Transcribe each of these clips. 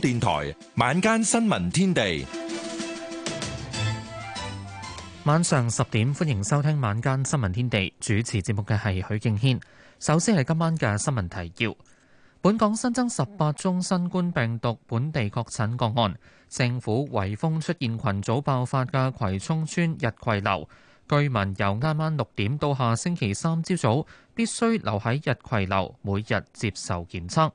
電台晚間新聞天地，晚上十點歡迎收聽晚間新聞天地。主持節目嘅係許敬軒。首先係今晚嘅新聞提要：本港新增十八宗新冠病毒本地確診個案。政府圍封出現群組爆發嘅葵涌村日葵樓，居民由啱啱六點到下星期三朝早必須留喺日葵樓，每日接受檢測。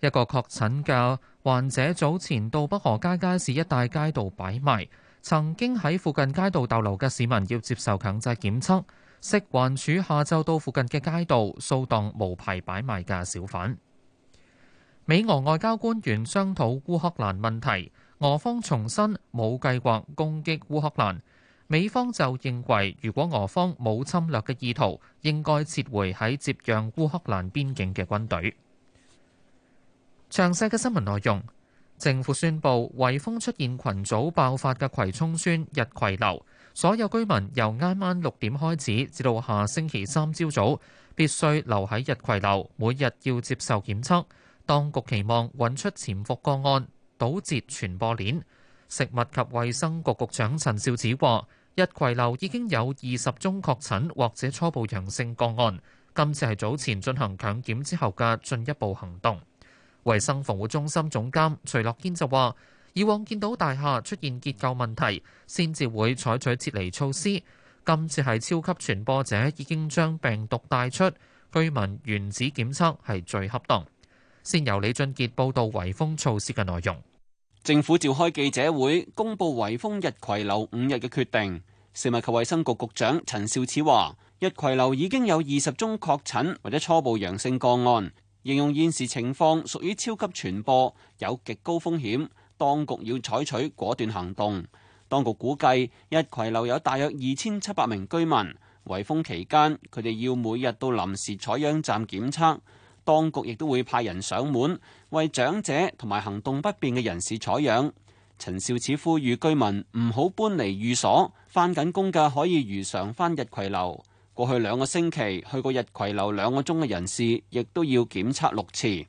一個確診嘅患者早前到北河街街市一帶街道擺賣，曾經喺附近街道逗留嘅市民要接受強制檢測。食環署下晝到附近嘅街道掃蕩無牌擺賣嘅小販。美俄外交官員商討烏克蘭問題，俄方重申冇計劃攻擊烏克蘭，美方就認為如果俄方冇侵略嘅意圖，應該撤回喺接壤烏克蘭邊境嘅軍隊。詳細嘅新聞內容，政府宣布，圍封出現群組爆發嘅葵涌邨日葵樓，所有居民由啱啱六點開始至到下星期三朝早必須留喺日葵樓，每日要接受檢測。當局期望揾出潛伏個案，堵截傳播鏈。食物及衛生局局長陳肇始話，日葵樓已經有二十宗確診或者初步陽性個案，今次係早前進行強檢之後嘅進一步行動。衛生防護中心總監徐樂堅就話：以往見到大廈出現結構問題，先至會採取撤離措施。今次係超級傳播者已經將病毒帶出，居民原址檢測係最恰當。先由李俊杰報道圍封措施嘅內容。政府召開記者會，公布圍封日葵樓五日嘅決定。食物及衛生局局,局長陳肇始話：日葵樓已經有二十宗確診或者初步陽性個案。形容現時情況屬於超級傳播，有極高風險，當局要採取果斷行動。當局估計逸葵樓有大約二千七百名居民，圍封期間佢哋要每日到臨時採樣站檢測，當局亦都會派人上門為長者同埋行動不便嘅人士採樣。陳肇始呼籲居民唔好搬離寓所，翻緊工嘅可以如常翻逸葵樓。過去兩個星期去過日葵樓兩個鐘嘅人士，亦都要檢測六次。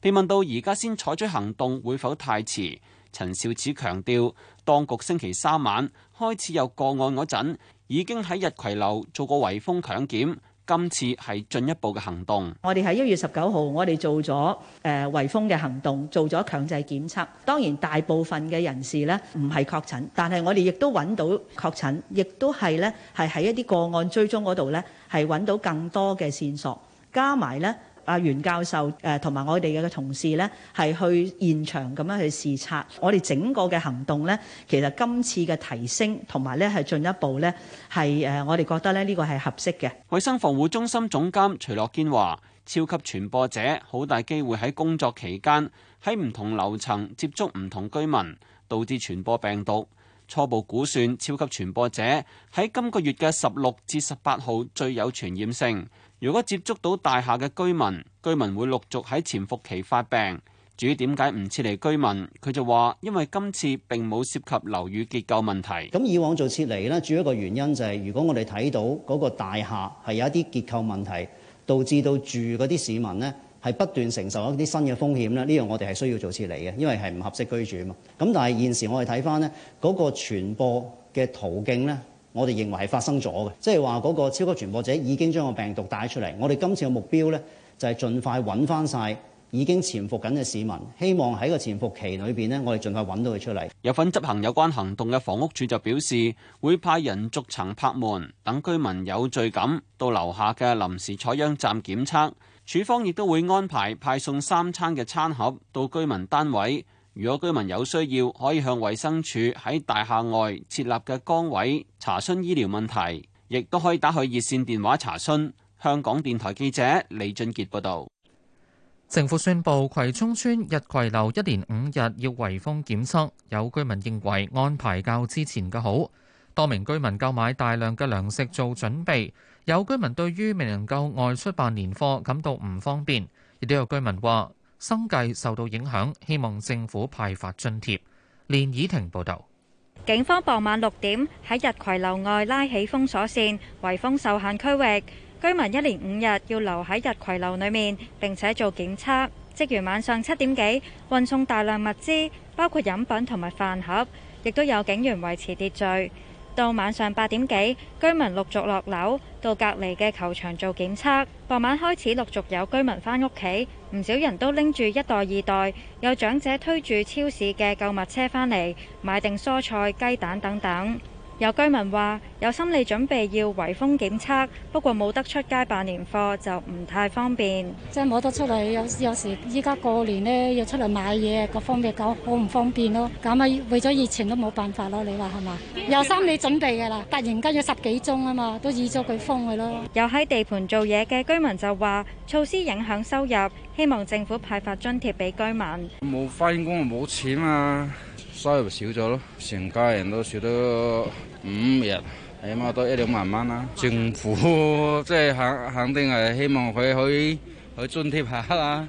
被問到而家先採取行動會否太遲，陳肇始強調，當局星期三晚開始有個案嗰陣，已經喺日葵樓做過圍封強檢。今次係進一步嘅行動。我哋喺一月十九號，我哋做咗誒圍封嘅行動，做咗強制檢測。當然，大部分嘅人士呢唔係確診，但係我哋亦都揾到確診，亦都係呢係喺一啲個案追蹤嗰度呢係揾到更多嘅線索，加埋呢。啊袁教授，誒同埋我哋嘅同事呢，係去現場咁樣去視察，我哋整個嘅行動呢，其實今次嘅提升同埋咧係進一步呢係誒我哋覺得咧呢個係合適嘅。衞生防護中心總監徐樂堅話，超級傳播者好大機會喺工作期間喺唔同樓層接觸唔同居民，導致傳播病毒。初步估算，超級傳播者喺今個月嘅十六至十八號最有傳染性。如果接觸到大廈嘅居民，居民會陸續喺潛伏期發病。至於點解唔撤離居民，佢就話因為今次並冇涉及樓宇結構問題。咁以往做撤離呢，主要一個原因就係如果我哋睇到嗰個大廈係有一啲結構問題，導致到住嗰啲市民呢係不斷承受一啲新嘅風險咧，呢樣我哋係需要做撤離嘅，因為係唔合適居住啊嘛。咁但係現時我哋睇翻呢嗰個傳播嘅途徑呢。我哋認為係發生咗嘅，即係話嗰個超級傳播者已經將個病毒帶出嚟。我哋今次嘅目標呢，就係盡快揾翻晒已經潛伏緊嘅市民，希望喺個潛伏期裏邊呢，我哋盡快揾到佢出嚟。有份執行有關行動嘅房屋署就表示，會派人逐層拍門，等居民有序噉到樓下嘅臨時採樣站檢測。署方亦都會安排派送三餐嘅餐盒到居民單位。如果居民有需要，可以向衛生署喺大廈外設立嘅崗位查詢醫療問題，亦都可以打去熱線電話查詢。香港電台記者李俊杰報道。政府宣布葵涌村日葵樓一連五日要圍封檢測，有居民認為安排較之前嘅好。多名居民購買大量嘅糧食做準備，有居民對於未能夠外出辦年貨感到唔方便，亦都有居民話。生計受到影響，希望政府派發津貼。連以婷報道，警方傍晚六點喺日葵樓外拉起封鎖線，圍封受限區域，居民一連五日要留喺日葵樓裏面，並且做檢測。職員晚上七點幾運送大量物資，包括飲品同埋飯盒，亦都有警員維持秩序。到晚上八點幾，居民陸續落樓到隔籬嘅球場做檢測。傍晚開始陸續有居民返屋企。唔少人都拎住一袋二袋，有長者推住超市嘅購物車返嚟買定蔬菜、雞蛋等等。有居民話：有心理準備要圍封檢測，不過冇得出街辦年貨就唔太方便。即係冇得出嚟，有有時依家過年咧要出嚟買嘢，各方面搞好唔方便咯。咁咪為咗疫情都冇辦法咯。你話係嘛？有心理準備㗎啦，突然間有十幾宗啊嘛，都預咗佢封㗎咯。有喺地盤做嘢嘅居民就話：措施影響收入，希望政府派發津貼俾居民。冇返工冇錢啊，收入少咗咯，成家人都少得。五日起碼都一兩萬蚊啦，政府即係肯，肯定係希望佢可以去津貼下啦，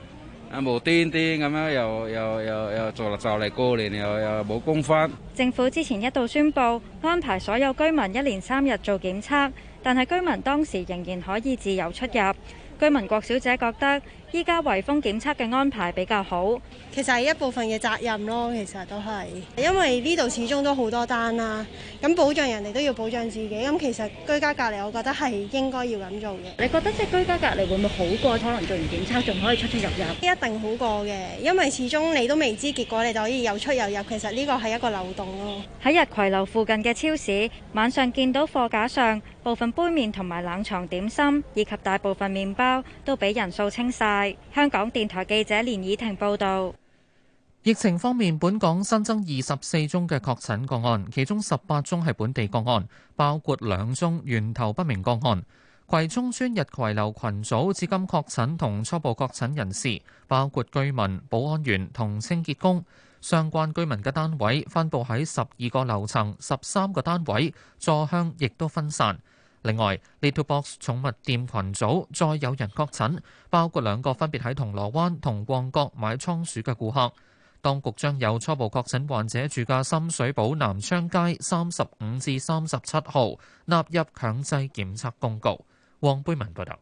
啊無端端咁樣又又又又就嚟就嚟過年又又冇工返。功政府之前一度宣布安排所有居民一連三日做檢測，但係居民當時仍然可以自由出入。居民郭小姐覺得。依家圍封檢測嘅安排比較好，其實係一部分嘅責任咯。其實都係，因為呢度始終都好多單啦。咁保障人哋都要保障自己。咁其實居家隔離，我覺得係應該要咁做嘅。你覺得即係居家隔離會唔會好過？可能做完檢測仲可以出出入入？一定好過嘅，因為始終你都未知結果，你就可以又出又入。其實呢個係一個漏洞咯。喺日葵樓附近嘅超市，晚上見到貨架上部分杯麵同埋冷藏點心，以及大部分麵包都俾人掃清晒。香港電台記者連綺婷報道，疫情方面，本港新增二十四宗嘅確診個案，其中十八宗係本地個案，包括兩宗源頭不明個案。葵涌邨日葵樓群組至今確診同初步確診人士，包括居民、保安員同清潔工。相關居民嘅單位分佈喺十二個樓層、十三個單位，座向亦都分散。另外，Little Box 寵物店羣組再有人確診，包括兩個分別喺銅鑼灣同旺角買倉鼠嘅顧客。當局將有初步確診患者住嘅深水埗南昌街三十五至三十七號納入強制檢測公局。黃貝文報道。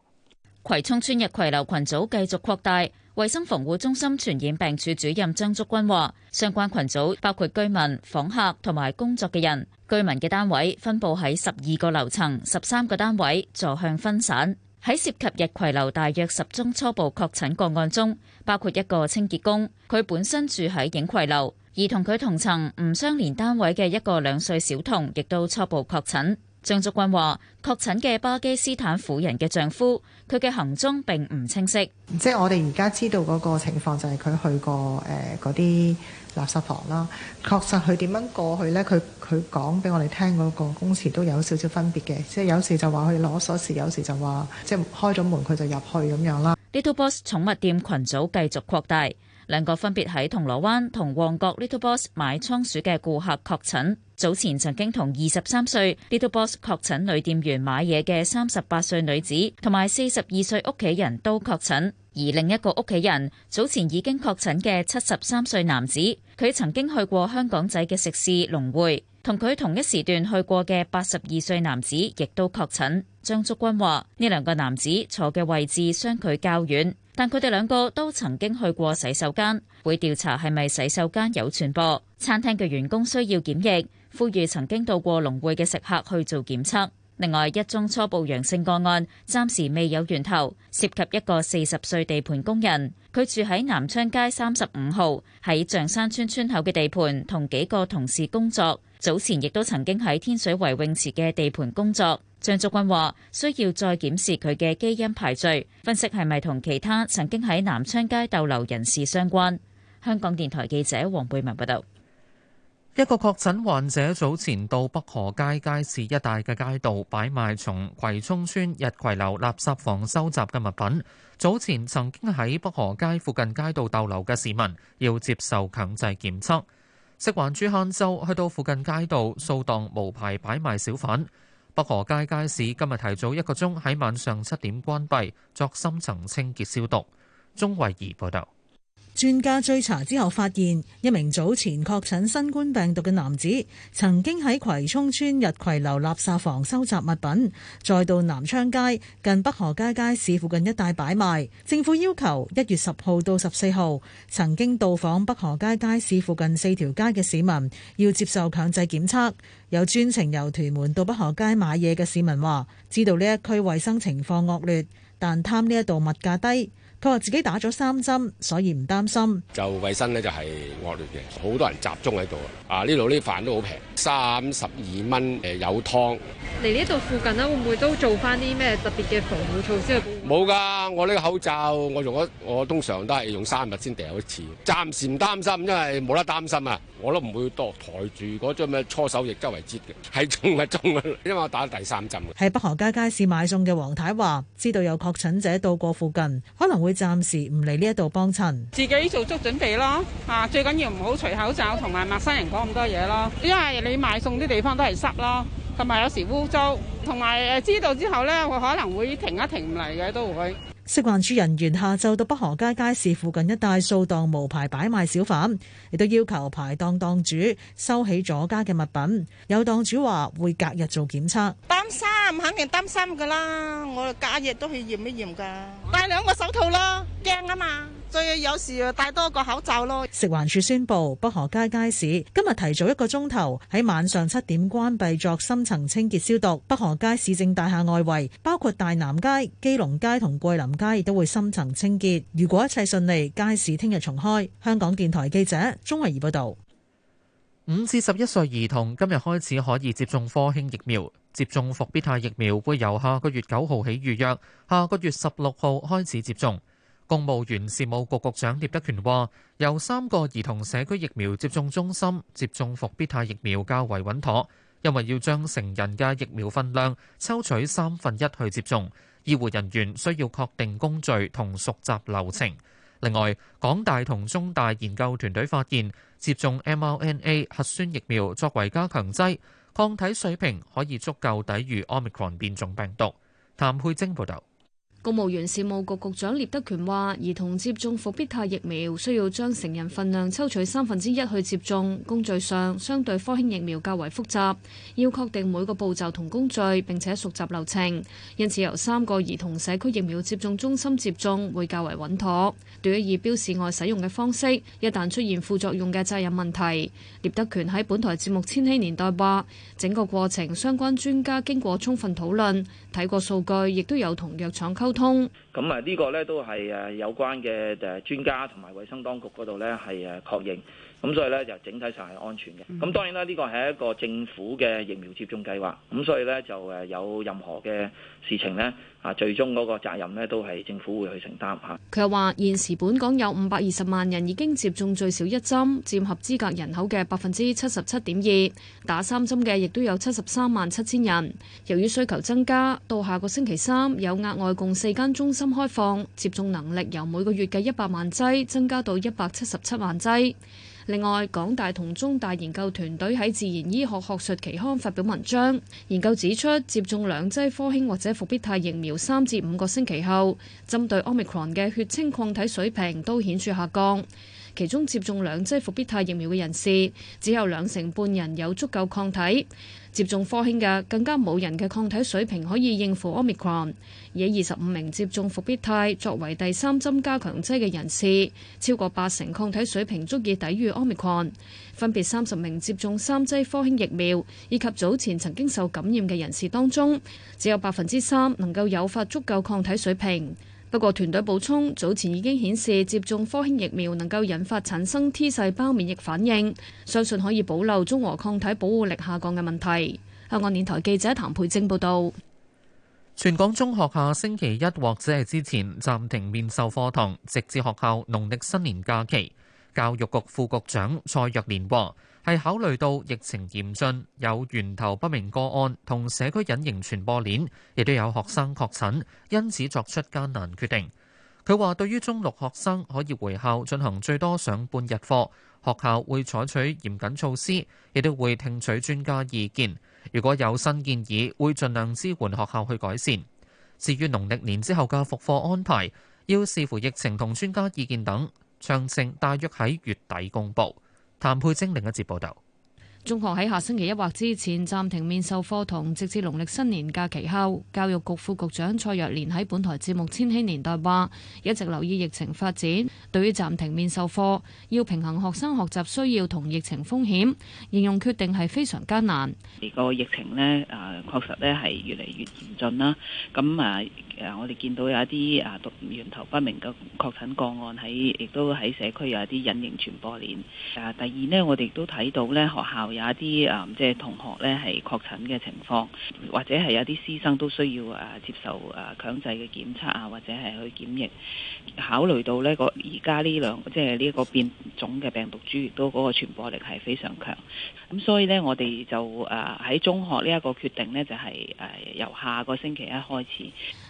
葵涌村日葵樓羣組繼續擴大，衞生防護中心傳染病處主任張竹君話：相關羣組包括居民、訪客同埋工作嘅人。居民嘅單位分布喺十二個樓層，十三個單位，座向分散。喺涉及日葵樓大約十宗初步確診個案中，包括一個清潔工，佢本身住喺影葵樓，而同佢同層唔相連單位嘅一個兩歲小童，亦都初步確診。張竹君話：確診嘅巴基斯坦婦人嘅丈夫，佢嘅行蹤並唔清晰。即係我哋而家知道嗰個情況就係佢去過誒嗰啲。呃垃圾房啦，確實佢點樣過去呢？佢佢講俾我哋聽嗰個工時都有少少分別嘅，即係有時就話佢攞鎖匙，有時就話即係開咗門佢就入去咁樣啦。Little Boss 寵物店群組繼續擴大，兩個分別喺銅鑼灣同旺角 Little Boss 買倉鼠嘅顧客確診。早前曾經同二十三歲 Little Boss 確診女店員買嘢嘅三十八歲女子同埋四十二歲屋企人都確診。而另一個屋企人早前已經確診嘅七十三歲男子，佢曾經去過香港仔嘅食肆龍匯，同佢同一時段去過嘅八十二歲男子亦都確診。張竹君話：呢兩個男子坐嘅位置相距較遠，但佢哋兩個都曾經去過洗手間，會調查係咪洗手間有傳播。餐廳嘅員工需要檢疫，呼籲曾經到過龍匯嘅食客去做檢測。另外一宗初步陽性個案，暫時未有源頭，涉及一個四十歲地盤工人，佢住喺南昌街三十五號，喺象山村村口嘅地盤同幾個同事工作，早前亦都曾經喺天水圍泳池嘅地盤工作。張竹君話需要再檢視佢嘅基因排序，分析係咪同其他曾經喺南昌街逗留人士相關，香港電台記者黃貝文報道。一個確診患者早前到北河街街市一帶嘅街道擺賣從葵涌村日葵樓垃圾房收集嘅物品。早前曾經喺北河街附近街道逗留嘅市民要接受強制檢測。食環署晏晝去到附近街道掃蕩無牌擺賣小販。北河街街市今日提早一個鐘喺晚上七點關閉，作深層清潔消毒。鍾慧儀報道。專家追查之後發現，一名早前確診新冠病毒嘅男子，曾經喺葵涌村日葵樓垃圾房收集物品，再到南昌街近北河街街市附近一帶擺賣。政府要求一月十號到十四號曾經到訪北河街街市附近四條街嘅市民要接受強制檢測。有專程由屯門到北河街買嘢嘅市民話，知道呢一區衛生情況惡劣，但貪呢一度物價低。佢話自己打咗三針，所以唔擔心。就衞生呢，就係惡劣嘅，好多人集中喺度啊！呢度呢飯都好平，三十二蚊誒有湯。嚟呢度附近呢，會唔會都做翻啲咩特別嘅防護措施？冇㗎，我呢個口罩我用咗，我通常都係用三日先掉一次。暫時唔擔心，因為冇得擔心啊！我都唔會擋抬住嗰張咩搓手液周圍濺嘅，喺中啊中啊，因為我打咗第三針。喺北河街街市買餸嘅黃太話：知道有確診者到過附近，可能會。暫時唔嚟呢一度幫襯，自己做足準備咯。吓，最緊要唔好除口罩，同埋陌生人講咁多嘢咯。因為你買餸啲地方都係濕咯，同埋有時污糟，同埋誒，知道之後咧，我可能會停一停唔嚟嘅都會。食環署人員下晝到北河街街市附近一帶掃檔無牌擺賣小販，亦都要求排檔檔主收起咗家嘅物品。有檔主話會隔日做檢測。咁肯定擔心噶啦，我假日都去驗一驗噶，戴兩個手套咯，驚啊嘛，所以有時又戴多個口罩咯。食環署宣布，北河街街市今日提早一個鐘頭喺晚上七點關閉作深層清潔消毒。北河街市政大廈外圍，包括大南街、基隆街同桂林街亦都會深層清潔。如果一切順利，街市聽日重開。香港電台記者鍾慧儀報道。五至十一歲兒童今日開始可以接種科興疫苗，接種復必泰疫苗會由下個月九號起預約，下個月十六號開始接種。公務員事務局局長聶德權話：由三個兒童社區疫苗接種中心接種復必泰疫苗較為穩妥，因為要將成人嘅疫苗份量抽取三分一去接種，醫護人員需要確定工序同熟習流程。另外，港大同中大研究團隊發現，接種 mRNA 核酸疫苗作為加強劑，抗體水平可以足夠抵御 Omicron 變種病毒。譚佩晶報道。公務員事務局局長聶德權話：兒童接種復必泰疫苗需要將成人份量抽取三分之一去接種，工序上相對科興疫苗較為複雜，要確定每個步驟同工序，並且熟習流程，因此由三個兒童社區疫苗接種中心接種會較為穩妥。對於以標示外使用嘅方式，一旦出現副作用嘅責任問題，聶德權喺本台節目《千禧年代》話：整個過程相關專家經過充分討論。睇過數據亦都有同藥廠溝通。咁啊，呢個咧都係誒有關嘅誒專家同埋衛生當局嗰度咧係誒確認。咁所以咧就整體上係安全嘅。咁當然啦，呢個係一個政府嘅疫苗接種計劃，咁所以呢，就誒有任何嘅事情呢，啊，最終嗰個責任呢，都係政府會去承擔吓。佢又話，現時本港有五百二十萬人已經接種最少一針，佔合資格人口嘅百分之七十七點二。打三針嘅亦都有七十三萬七千人。由於需求增加，到下個星期三有額外共四間中心開放，接種能力由每個月嘅一百萬劑增加到一百七十七萬劑。另外，港大同中大研究團隊喺《自然醫學學術期刊》發表文章，研究指出，接種兩劑科興或者復必泰疫苗三至五個星期後，針對 Omicron 嘅血清抗體水平都顯著下降。其中接種兩劑復必泰疫苗嘅人士，只有兩成半人有足夠抗體；接種科興嘅更加冇人嘅抗體水平可以應付 Omicron，而二十五名接種復必泰作為第三針加強劑嘅人士，超過八成抗體水平足以抵禦 Omicron，分別三十名接種三劑科興疫苗以及早前曾經受感染嘅人士當中，只有百分之三能夠誘發足夠抗體水平。不過，團隊補充，早前已經顯示接種科興疫苗能夠引發產生 T 細胞免疫反應，相信可以保留中和抗體保護力下降嘅問題。香港電台記者譚佩晶報道。全港中學下星期一或者係之前暫停面授課堂，直至學校農曆新年假期。教育局副局長蔡若蓮話，係考慮到疫情嚴峻，有源頭不明個案同社區隱形傳播鏈，亦都有學生確診，因此作出艱難決定。佢話對於中六學生可以回校進行最多上半日課，學校會採取嚴謹措施，亦都會聽取專家意見。如果有新建議，會盡量支援學校去改善。至於農曆年之後嘅復課安排，要視乎疫情同專家意見等。詳情大約喺月底公佈。譚佩晶另一節報道。中學喺下星期一或之前暫停面授課同，直至農曆新年假期後。教育局副局長蔡若蓮喺本台節目《千禧年代》話，一直留意疫情發展，對於暫停面授課，要平衡學生學習需要同疫情風險，形容決定係非常艱難。呢個疫情咧，啊，確實咧係越嚟越嚴峻啦。咁啊，誒，我哋見到有一啲啊源頭不明嘅確診個案喺，亦都喺社區有一啲隱形傳播鏈。啊，第二咧，我哋亦都睇到呢學校。有一啲誒，即係同學咧係確診嘅情況，或者係有啲師生都需要誒接受誒強制嘅檢測啊，或者係去檢疫。考慮到呢個而家呢兩即係呢個變種嘅病毒株，都嗰個傳播力係非常強。咁所以呢，我哋就誒喺中學呢一個決定呢，就係誒由下個星期一開始，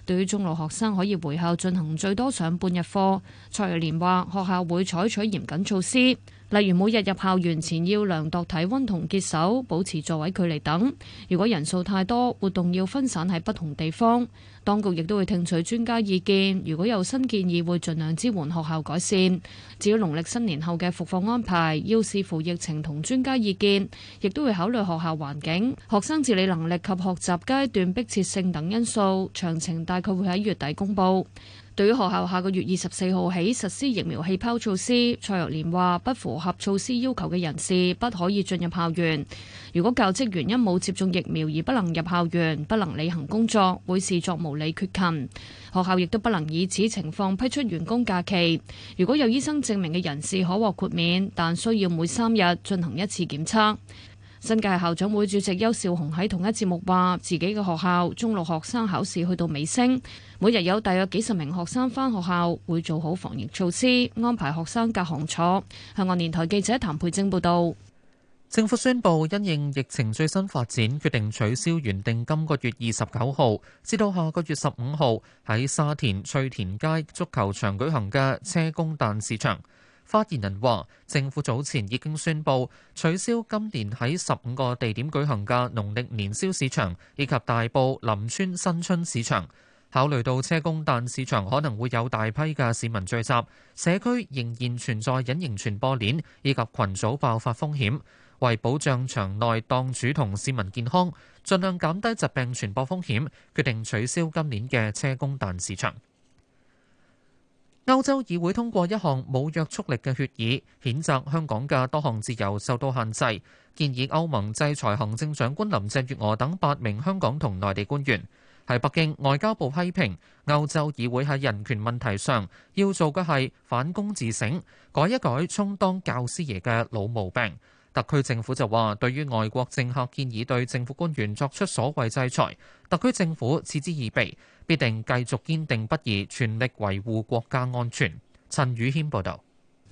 對於中六學生可以回校進行最多上半日課。蔡若蓮話學校會採取嚴謹措施。例如每日入校園前要量度體溫同潔手，保持座位距離等。如果人數太多，活動要分散喺不同地方。當局亦都會聽取專家意見，如果有新建議會盡量支援學校改善。至於農曆新年後嘅復課安排，要視乎疫情同專家意見，亦都會考慮學校環境、學生自理能力及學習階段迫切性等因素。詳情大概會喺月底公布。對於學校下個月二十四號起實施疫苗氣泡措施，蔡若蓮話：不符合措施要求嘅人士不可以進入校園。如果教職員因冇接種疫苗而不能入校園，不能履行工作，會視作無理缺勤。學校亦都不能以此情況批出員工假期。如果有醫生證明嘅人士可獲豁免，但需要每三日進行一次檢測。新界校長會主席邱少雄喺同一節目話，自己嘅學校中六學生考試去到尾聲，每日有大約幾十名學生返學校，會做好防疫措施，安排學生隔行坐。香港電台記者譚佩貞報道。政府宣布因應疫情最新發展，決定取消原定今個月二十九號至到下個月十五號喺沙田翠田街足球場舉行嘅車公誕市場。發言人話：政府早前已經宣布取消今年喺十五個地點舉行嘅農曆年宵市場以及大埔林村新春市場。考慮到車公誕市場可能會有大批嘅市民聚集，社區仍然存在隱形傳播鏈以及群組爆發風險，為保障場內檔主同市民健康，盡量減低疾病傳播風險，決定取消今年嘅車公誕市場。歐洲議會通過一項冇約束力嘅決議，譴責香港嘅多項自由受到限制，建議歐盟制裁行政長官林鄭月娥等八名香港同內地官員。喺北京，外交部批評歐洲議會喺人權問題上要做嘅係反躬自省，改一改充當教師爺嘅老毛病。特區政府就話，對於外國政客建議對政府官員作出所謂制裁，特區政府嗤之以鼻，必定繼續堅定不移，全力維護國家安全。陳宇軒報導。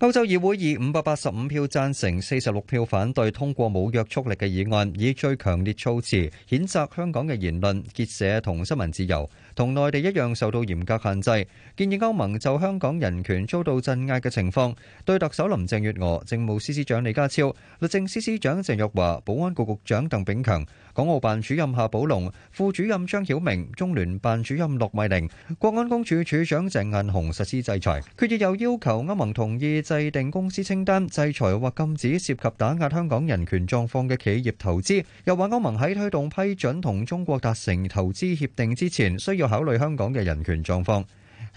歐洲議會以五百八十五票贊成、四十六票反對通過冇約束力嘅議案，以最強烈措辭譴責香港嘅言論、結社同新聞自由，同內地一樣受到嚴格限制。建議歐盟就香港人權遭到鎮壓嘅情況，對特首林鄭月娥、政務司司長李家超、律政司司長鄭若驊、保安局局長鄧炳強、港澳辦主任夏寶龍、副主任張曉明、中聯辦主任駱惠寧、國安公署署長鄭雁雄實施制裁，決議又要求歐盟同意制定公司清單，制裁或禁止涉及打壓香港人權狀況嘅企業投資。又話歐盟喺推動批准同中國達成投資協定之前，需要考慮香港嘅人權狀況。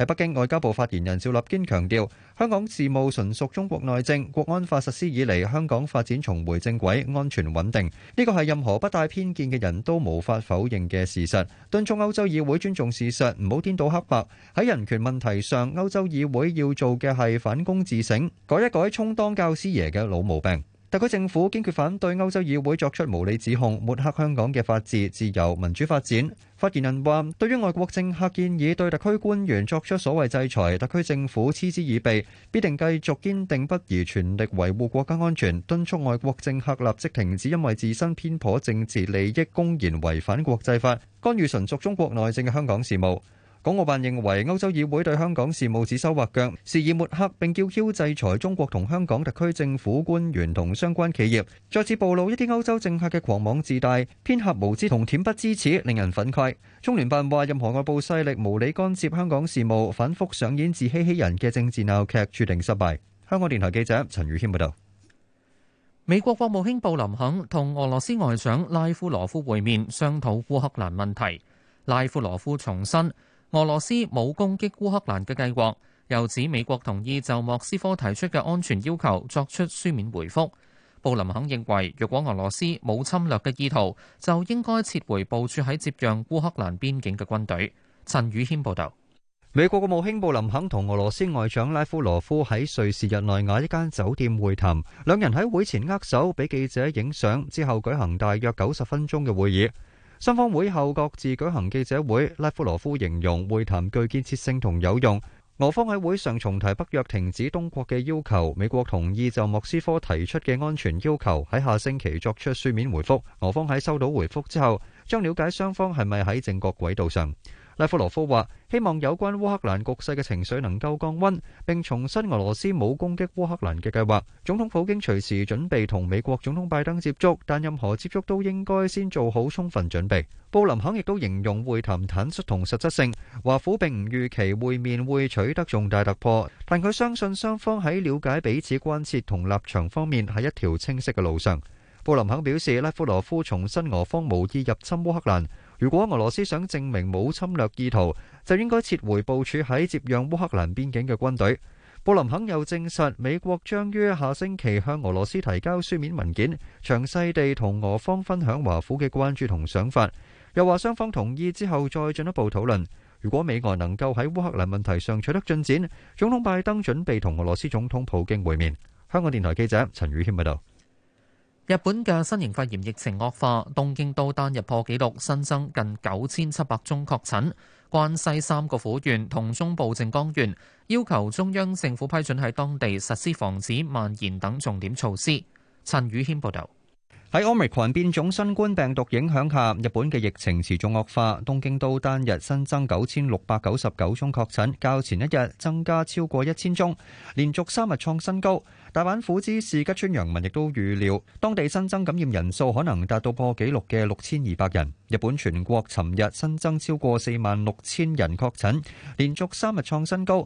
喺北京，外交部發言人趙立堅強調，香港事務純屬中國內政。國安法實施以嚟，香港發展重回正軌，安全穩定，呢個係任何不帶偏見嘅人都無法否認嘅事實。敦促歐洲議會尊重事實，唔好顛倒黑白。喺人權問題上，歐洲議會要做嘅係反躬自省，改一改充當教師爺嘅老毛病。特區政府堅決反對歐洲議會作出無理指控，抹黑香港嘅法治、自由、民主發展。發言人話，對於外國政客建議對特區官員作出所謂制裁，特區政府嗤之以鼻，必定繼續堅定不移全力維護國家安全，敦促外國政客立即停止因為自身偏頗政治利益公然違反國際法，干預純屬中國內政嘅香港事務。港澳辦認為歐洲議會對香港事務指手畫腳、肆意抹黑，並叫囂制裁中國同香港特區政府官員同相關企業，再次暴露一啲歐洲政客嘅狂妄自大、偏狹無知同恬不知恥，令人憤慨。中聯辦話：任何外部勢力無理干涉香港事務，反復上演自欺欺人嘅政治鬧劇，注定失敗。香港電台記者陳宇謙報道。美國國務卿布林肯同俄羅斯外長拉夫羅夫會面，商討烏克蘭問題。拉夫羅夫重申，俄羅斯冇攻擊烏克蘭嘅計劃，又指美國同意就莫斯科提出嘅安全要求作出書面回覆。布林肯認為，若果俄羅斯冇侵略嘅意圖，就應該撤回部署喺接壤烏克蘭邊境嘅軍隊。陳宇謙報道，美國國務卿布林肯同俄羅斯外長拉夫羅夫喺瑞士日內瓦一間酒店會談，兩人喺會前握手俾記者影相，之後舉行大約九十分鐘嘅會議。雙方會後各自舉行記者會，拉夫羅夫形容會談具建設性同有用。俄方喺會上重提北約停止東擴嘅要求，美國同意就莫斯科提出嘅安全要求喺下星期作出書面回覆。俄方喺收到回覆之後，將了解雙方係咪喺正確軌道上。拉夫羅夫話：希望有關烏克蘭局勢嘅情緒能夠降溫，並重申俄羅斯冇攻擊烏克蘭嘅計劃。總統普京隨時準備同美國總統拜登接觸，但任何接觸都應該先做好充分準備。布林肯亦都形容會談坦率同實質性，華府並唔預期會面會取得重大突破，但佢相信雙方喺了解彼此關切同立場方面係一條清晰嘅路上。布林肯表示，拉夫羅夫重申俄方無意入侵烏克蘭。如果俄羅斯想證明冇侵略意圖，就應該撤回部署喺接壤烏克蘭邊境嘅軍隊。布林肯又證實，美國將於下星期向俄羅斯提交書面文件，詳細地同俄方分享華府嘅關注同想法。又話雙方同意之後再進一步討論。如果美俄能夠喺烏克蘭問題上取得進展，總統拜登準備同俄羅斯總統普京會面。香港電台記者陳宇軒報道。日本嘅新型肺炎疫情惡化，東京都單日破紀錄，新增近九千七百宗確診。關西三個府縣同中部靜岡縣要求中央政府批准喺當地實施防止蔓延等重點措施。陳宇謙報道。喺奧密克戎變種新冠病毒影響下，日本嘅疫情持續惡化。東京都單日新增九千六百九十九宗確診，較前一日增加超過一千宗，連續三日創新高。大阪府知事吉村洋文亦都預料，當地新增感染人數可能達到破紀錄嘅六千二百人。日本全國尋日新增超過四萬六千人確診，連續三日創新高。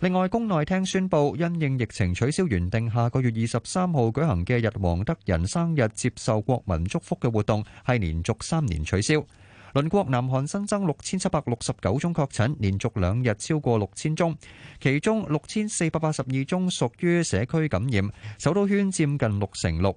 另外，宮內廳宣布，因應疫情取消原定下個月二十三號舉行嘅日皇德仁生日接受國民祝福嘅活動，係連續三年取消。鄰國南韓新增六千七百六十九宗確診，連續兩日超過六千宗，其中六千四百八十二宗屬於社區感染，首都圈佔近六成六。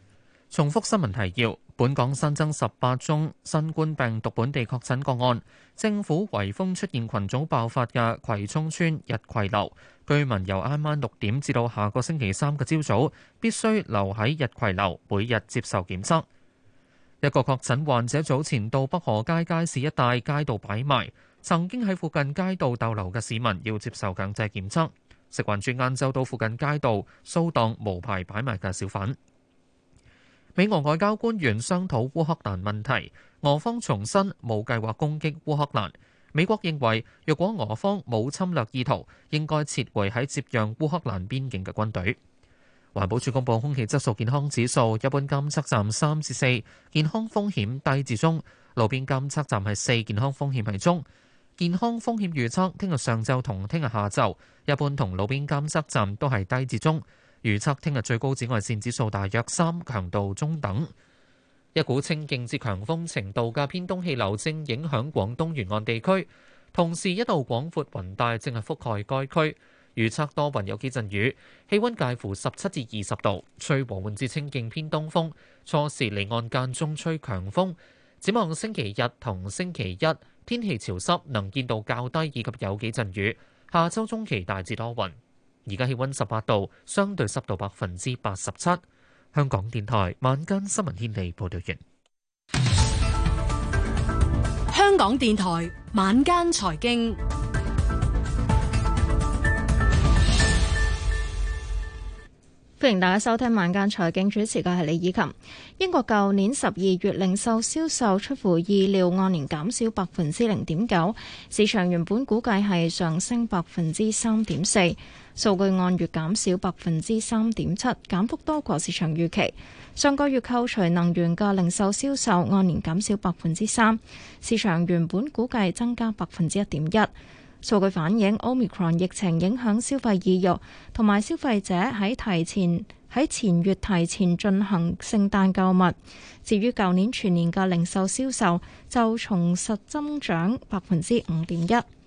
重複新聞提要：本港新增十八宗新冠病毒本地確診個案。政府圍封出現群組爆發嘅葵涌村日葵樓，居民由啱啱六點至到下個星期三嘅朝早，必須留喺日葵樓，每日接受檢測。一個確診患者早前到北河街街市一帶街道擺賣，曾經喺附近街道逗留嘅市民要接受強制檢測。食環署晏晝到附近街道掃蕩無牌擺賣嘅小販。美俄外交官員商討烏克蘭問題，俄方重申冇計劃攻擊烏克蘭，美國認為若果俄方冇侵略意圖應該撤回喺接壤烏克蘭邊境嘅軍隊。環保署公布空氣質素健康指數，一般監測站三至四，健康風險低至中；路邊監測站係四，健康風險係中。健康風險預測聽日上晝同聽日下晝，一般同路邊監測站都係低至中。預測聽日最高紫外線指數大約三，強度中等。一股清勁至強風程度嘅偏東氣流正影響廣東沿岸地區，同時一道廣闊雲帶正係覆蓋該區。預測多雲有幾陣雨，氣溫介乎十七至二十度，吹和緩至清勁偏東風。初時離岸間中吹強風。展望星期日同星期一天氣潮濕，能見度較低以及有幾陣雨。下周中期大致多雲。而家氣温十八度，相對濕度百分之八十七。香港電台晚間新聞天地，報道完。香港電台晚間財經，歡迎大家收聽晚間財經，主持嘅係李以琴。英國舊年十二月零售銷售出乎意料按年減少百分之零點九，市場原本估計係上升百分之三點四。數據按月減少百分之三點七，減幅多過市場預期。上個月扣除能源嘅零售銷售按年減少百分之三，市場原本估計增加百分之一點一。數據反映 Omicron 疫情影響消費意欲，同埋消費者喺提前喺前月提前進行聖誕購物。至於舊年全年嘅零售銷售就從實增長百分之五點一。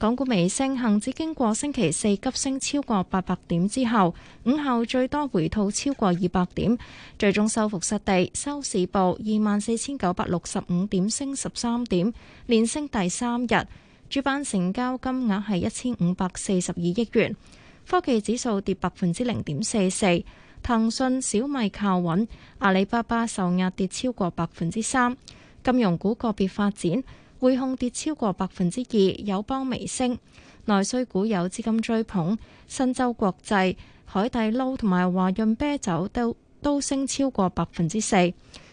港股微升，恒指經過星期四急升超過八百點之後，午後最多回吐超過二百點，最終收復失地，收市報二萬四千九百六十五點，升十三點，連升第三日。主板成交金額係一千五百四十二億元。科技指數跌百分之零點四四，騰訊、小米靠穩，阿里巴巴受壓跌超過百分之三。金融股個別發展。匯控跌超過百分之二，友邦微升，內需股有資金追捧，新洲國際、海底撈同埋華潤啤酒都都升超過百分之四。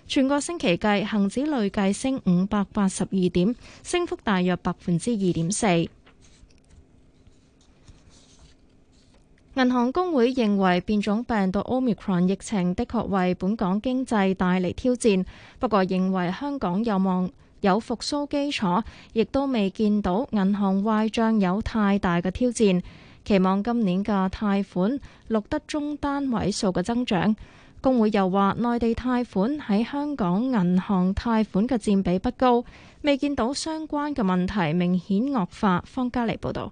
全個星期計，恒指累計升五百八十二點，升幅大約百分之二點四。銀行公會認為變種病毒 Omicron 疫情的確為本港經濟帶嚟挑戰，不過認為香港有望。有復甦基礎，亦都未見到銀行壞賬有太大嘅挑戰，期望今年嘅貸款錄得中單位數嘅增長，工會又話內地貸款喺香港銀行貸款嘅佔比不高，未見到相關嘅問題明顯惡化。方嘉莉報道。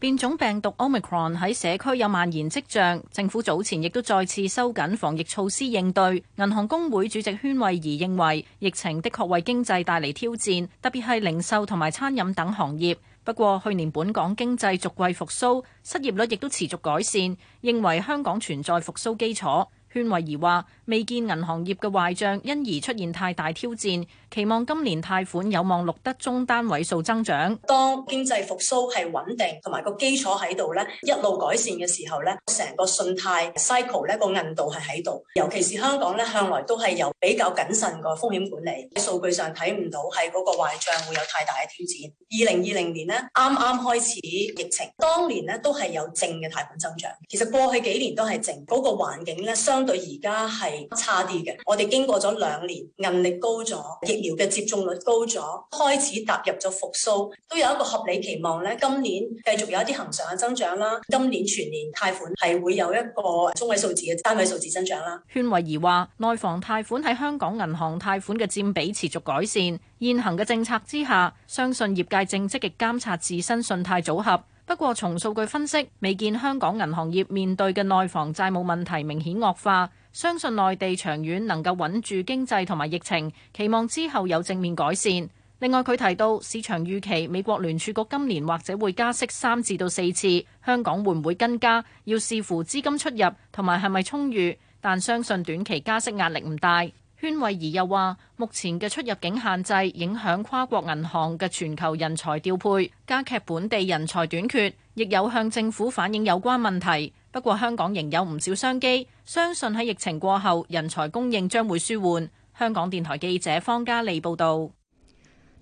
變種病毒 Omicron 喺社區有蔓延跡象，政府早前亦都再次收緊防疫措施應對。銀行公會主席禤惠儀認為，疫情的確為經濟帶嚟挑戰，特別係零售同埋餐飲等行業。不過，去年本港經濟逐季復甦，失業率亦都持續改善，認為香港存在復甦基礎。禤惠儀話。未見銀行業嘅壞帳，因而出現太大挑戰。期望今年貸款有望錄得中單位數增長。當經濟復甦係穩定同埋個基礎喺度咧，一路改善嘅時候咧，成個信貸 cycle 咧個韌度係喺度。尤其是香港咧向來都係有比較謹慎個風險管理，喺數據上睇唔到係嗰個壞帳會有太大嘅挑戰。二零二零年呢，啱啱開始疫情，當年呢都係有淨嘅貸款增長。其實過去幾年都係淨，嗰個環境咧相對而家係差啲嘅，我哋經過咗兩年，銀力高咗，疫苗嘅接種率高咗，開始踏入咗復甦，都有一個合理期望咧。今年繼續有一啲恆常嘅增長啦。今年全年貸款係會有一個中位數字嘅單位數字增長啦。禤慧儀話，內房貸款喺香港銀行貸款嘅佔比持續改善，現行嘅政策之下，相信業界正積極監察自身信貸組合。不過，從數據分析，未見香港銀行業面對嘅內房債務問題明顯惡化。相信內地長遠能夠穩住經濟同埋疫情，期望之後有正面改善。另外佢提到市場預期美國聯儲局今年或者會加息三至到四次，香港會唔會跟加要視乎資金出入同埋係咪充裕，但相信短期加息壓力唔大。禤惠儀又話：目前嘅出入境限制影響跨國銀行嘅全球人才調配，加劇本地人才短缺，亦有向政府反映有關問題。不過香港仍有唔少商機，相信喺疫情過後，人才供應將會舒緩。香港電台記者方嘉莉報道。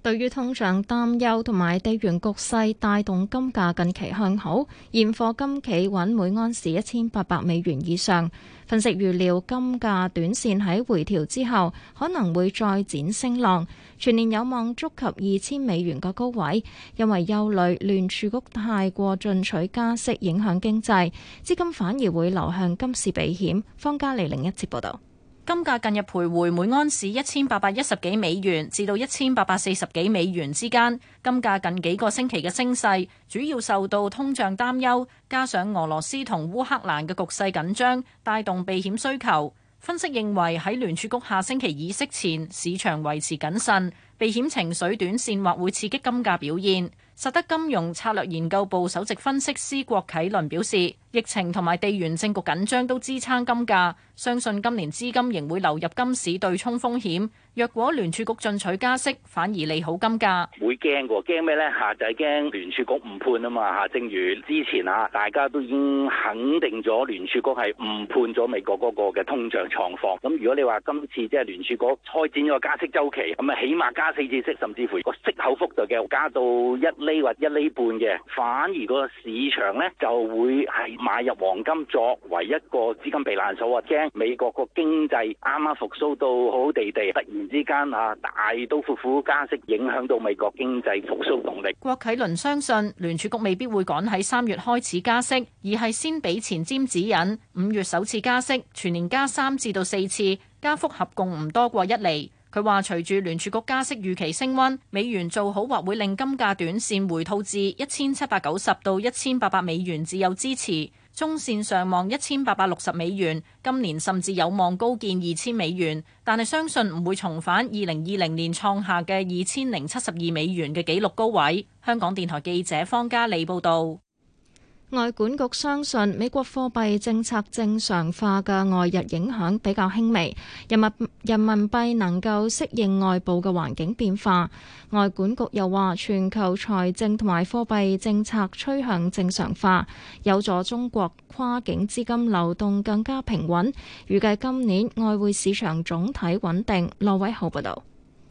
對於通脹擔憂同埋地緣局勢帶動金價近期向好，現貨金企穩每安士一千八百美元以上。分析預料金價短線喺回調之後可能會再展升浪，全年有望觸及二千美元嘅高位。因為憂慮聯儲局太過進取加息影響經濟，資金反而會流向金市避險。方家利另一節報道。金價近日徘徊每安士一千八百一十幾美元至到一千八百四十幾美元之間。金價近幾個星期嘅升勢，主要受到通脹擔憂，加上俄羅斯同烏克蘭嘅局勢緊張，帶動避險需求。分析認為喺聯儲局下星期議息前，市場維持謹慎，避險情緒短線或會刺激金價表現。實德金融策略研究部首席分析師郭啟麟表示，疫情同埋地緣政局緊張都支撐金價。相信今年資金仍會流入金市對沖風險。若果聯儲局進取加息，反而利好金價。會驚嘅喎，驚咩咧？嚇就係驚聯儲局誤判啊嘛嚇。正如之前嚇，大家都已經肯定咗聯儲局係誤判咗美國嗰個嘅通脹狀況。咁如果你話今次即係聯儲局開展咗加息周期，咁啊起碼加四次息，甚至乎個息口幅度嘅加到一厘或一厘半嘅，反而個市場咧就會係買入黃金作為一個資金避難所啊！驚。美國個經濟啱啱復甦到好地地，突然之間啊，大刀闊斧，斧加息，影響到美國經濟復甦動力。郭啟麟相信聯儲局未必會趕喺三月開始加息，而係先俾前瞻指引。五月首次加息，全年加三至到四次，加幅合共唔多過一厘。佢話隨住聯儲局加息預期升溫，美元做好或會令金價短線回吐至一千七百九十到一千八百美元，只有支持。中線上望一千八百六十美元，今年甚至有望高見二千美元，但係相信唔會重返二零二零年創下嘅二千零七十二美元嘅紀錄高位。香港電台記者方嘉莉報導。外管局相信美國貨幣政策正常化嘅外溢影響比較輕微，人民人民幣能夠適應外部嘅環境變化。外管局又話，全球財政同埋貨幣政策趨向正常化，有助中國跨境資金流動更加平穩。預計今年外匯市場總體穩定。駱偉浩報道。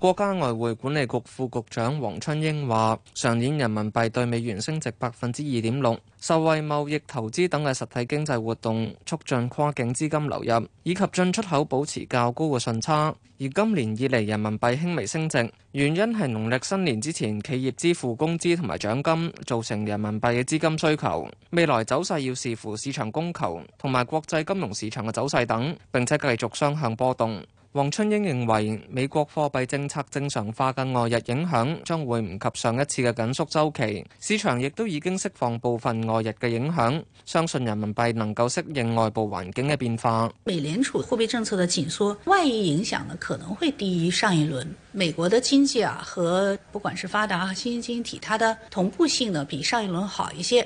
國家外匯管理局副局長黃春英話：上年人民幣對美元升值百分之二點六，受惠貿易、投資等嘅實體經濟活動，促進跨境資金流入，以及進出口保持較高嘅順差。而今年以嚟人民幣輕微升值，原因係農曆新年之前企業支付工資同埋獎金，造成人民幣嘅資金需求。未來走勢要視乎市場供求同埋國際金融市場嘅走勢等，並且繼續雙向波動。王春英認為，美國貨幣政策正常化嘅外溢影響將會唔及上一次嘅緊縮周期，市場亦都已經釋放部分外溢嘅影響，相信人民幣能夠適應外部環境嘅變化。美聯儲貨幣政策嘅緊縮外溢影響呢，可能會低於上一輪。美國的經濟啊，和不管是發達和新興經濟體，它的同步性呢，比上一輪好一些。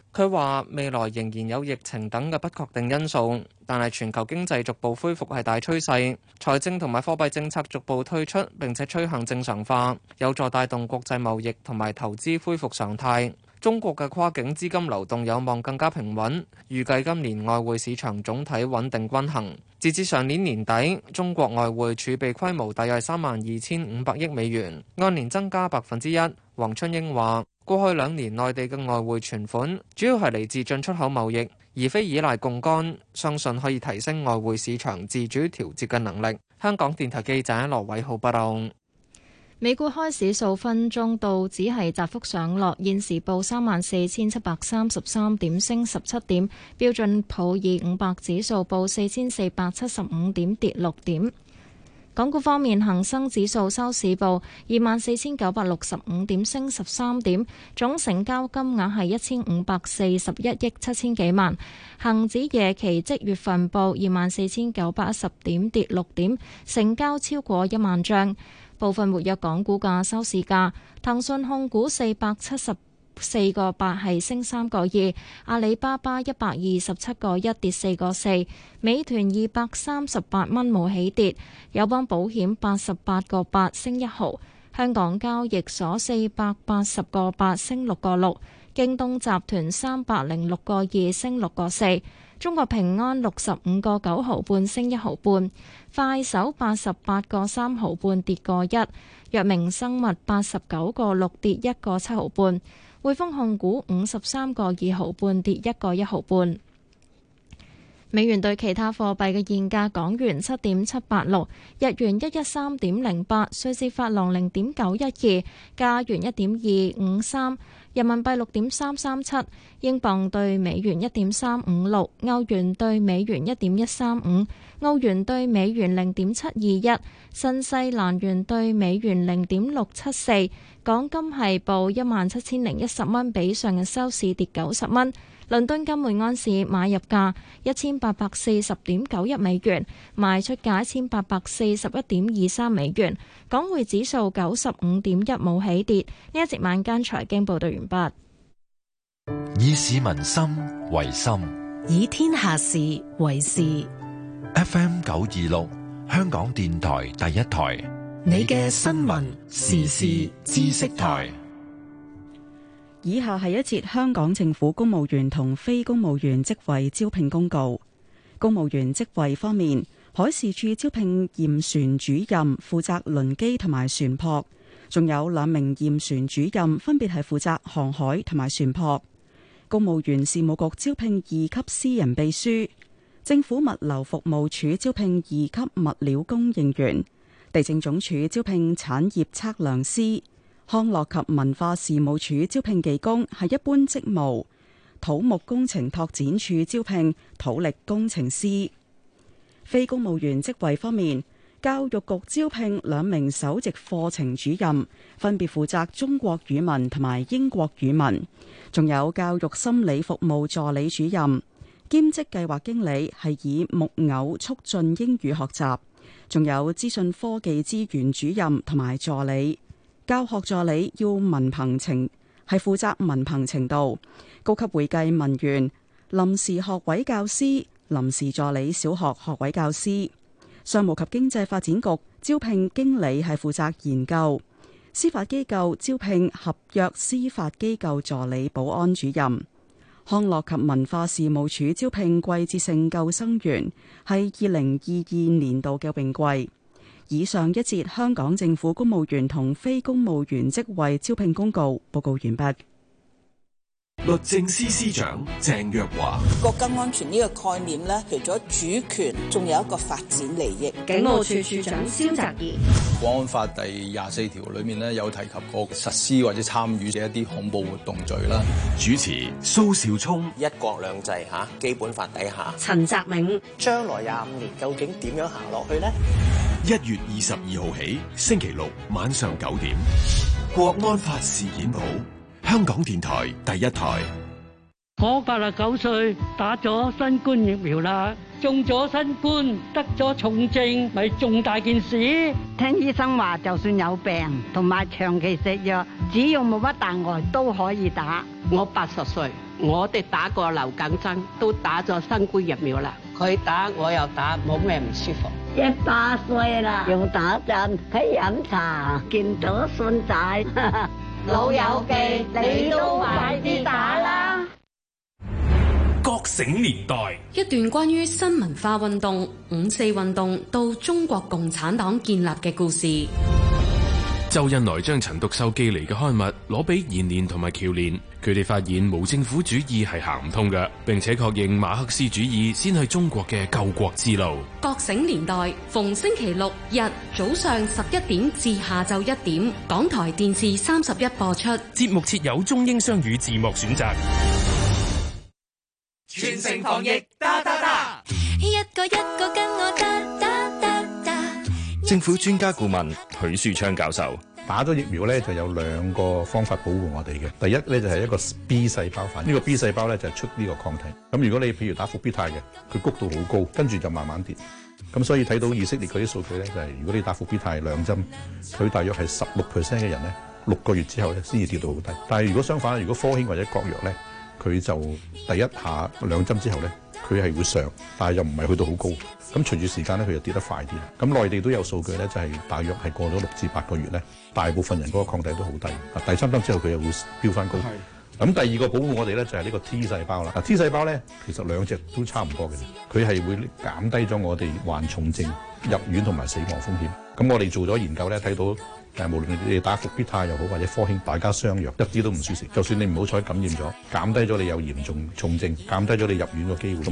佢話：未來仍然有疫情等嘅不確定因素，但係全球經濟逐步恢復係大趨勢，財政同埋貨幣政策逐步退出並且趨向正常化，有助帶動國際貿易同埋投資恢復常態。中國嘅跨境資金流動有望更加平穩，預計今年外匯市場總體穩定均衡。截至上年年底，中國外匯儲備規模大約三萬二千五百億美元，按年增加百分之一。黃春英話，過去兩年內地嘅外匯存款主要係嚟自進出口貿易，而非依賴槓桿，相信可以提升外匯市場自主調節嘅能力。香港電台記者羅偉浩報道。美股開市數分鐘到，只係窄幅上落，現時報三萬四千七百三十三點，升十七點。標準普爾五百指數報四千四百七十五點，跌六點。港股方面，恒生指數收市報二萬四千九百六十五點，升十三點。總成交金額係一千五百四十一億七千幾萬。恒指夜期即月份報二萬四千九百一十點，跌六點，成交超過一萬張。部分活躍港股價收市價，騰訊控股四百七十四個八係升三個二，阿里巴巴一百二十七個一跌四個四，美團二百三十八蚊冇起跌，友邦保險八十八個八升一毫，香港交易所四百八十個八升六個六，京東集團三百零六個二升六個四。中國平安六十五個九毫半升一毫半，快手八十八個三毫半跌個一，藥明生物八十九個六跌一個七毫半，匯豐控股五十三個二毫半跌一個一毫半。美元兌其他貨幣嘅現價：港元七點七八六，日元一一三點零八，瑞士法郎零點九一二，加元一點二五三，人民幣六點三三七，英鎊對美元一點三五六，歐元對美元一點一三五，澳元對美元零點七二一，新西蘭元對美元零點六七四。港金係報一萬七千零一十蚊，比上日收市跌九十蚊。倫敦金每安士買入價一千八百四十點九一美元，賣出價一千八百四十一點二三美元。港匯指數九十五點一冇起跌。呢一節晚間財經報道完畢。以市民心為心，以天下事為事。FM 九二六，香港電台第一台，你嘅新聞時事知識台。以下係一節香港政府公務員同非公務員職位招聘公告。公務員職位方面，海事處招聘驗船主任，負責輪機同埋船舶，仲有兩名驗船主任，分別係負責航海同埋船舶。公務員事務局招聘二級私人秘書，政府物流服務處招聘二級物料供應員，地政總署招聘產業測量師。康樂及文化事務署招聘技工係一般職務，土木工程拓展處招聘土力工程師。非公務員職位方面，教育局招聘兩名首席課程主任，分別負責中國語文同埋英國語文，仲有教育心理服務助理主任、兼職計劃經理係以木偶促進英語學習，仲有資訊科技資源主任同埋助理。教學助理要文憑程，係負責文憑程度；高級會計文員、臨時學位教師、臨時助理小學學位教師、商務及經濟發展局招聘經理係負責研究；司法機構招聘合約司法機構助理保安主任；康樂及文化事務署招聘季節性救生員，係二零二二年度嘅泳季。以上一節香港政府公務員同非公務員職位招聘公告，報告完畢。律政司司長鄭若驊，國家安，安全呢個概念呢，除咗主權，仲有一個發展利益。警務處處長蕭澤頤，國安法第廿四條裏面呢，有提及過實施或者參與嘅一啲恐怖活動罪啦。主持蘇兆聰，一國兩制吓，基本法底下。陳澤銘，將來廿五年究竟點樣行落去呢？一月二十二號起，星期六晚上九點，國安法事件報，香港電台第一台。我八十九歲，打咗新冠疫苗啦，中咗新冠，得咗重症，咪重大件事。聽醫生話，就算有病同埋長期食藥，只要冇乜大礙都可以打。我八十歲。我哋打過流感針，都打咗新冠疫苗啦。佢打，我又打，冇咩唔舒服。一百歲啦，用打針。喺飲茶，見到信仔。老友記，你都快啲打啦！覺醒年代，一段關於新文化運動、五四運動到中國共產黨建立嘅故事。周恩來將陳獨秀寄嚟嘅刊物攞俾延年同埋喬年。佢哋發現無政府主義係行唔通嘅，並且確認馬克思主義先係中國嘅救國之路。覺醒年代逢星期六日早上十一點至下晝一點，港台電視三十一播出。節目設有中英雙語字幕選擇。全城防疫，噠噠噠！一個一個跟我噠噠噠。政府專家顧問許樹昌教授。打咗疫苗咧就有兩個方法保護我哋嘅，第一咧就係一個 B 細胞反應，呢個 B 細胞咧就出呢個抗體。咁如果你譬如打復必泰嘅，佢谷度好高，跟住就慢慢跌。咁所以睇到以色列嗰啲數據咧，就係如果你打復必泰兩針，佢大約係十六 percent 嘅人咧，六個月之後咧先至跌到好低。但係如果相反，如果科興或者國藥咧，佢就第一下兩針之後咧。佢係會上，但係又唔係去到好高。咁隨住時間咧，佢又跌得快啲。咁內地都有數據咧，就係大約係過咗六至八個月咧，大部分人嗰個抗體都好低。啊，第三針之後佢又會飆翻高。咁第二個保護我哋咧就係呢個 T 細胞啦。啊，T 細胞咧其實兩隻都差唔多嘅啫。佢係會減低咗我哋患重症、入院同埋死亡風險。咁我哋做咗研究咧，睇到誒無論你哋打復必泰又好，或者科興，大家相若一啲都唔輸蝕。就算你唔好彩感染咗，減低咗你有嚴重重症，減低咗你入院嘅機會。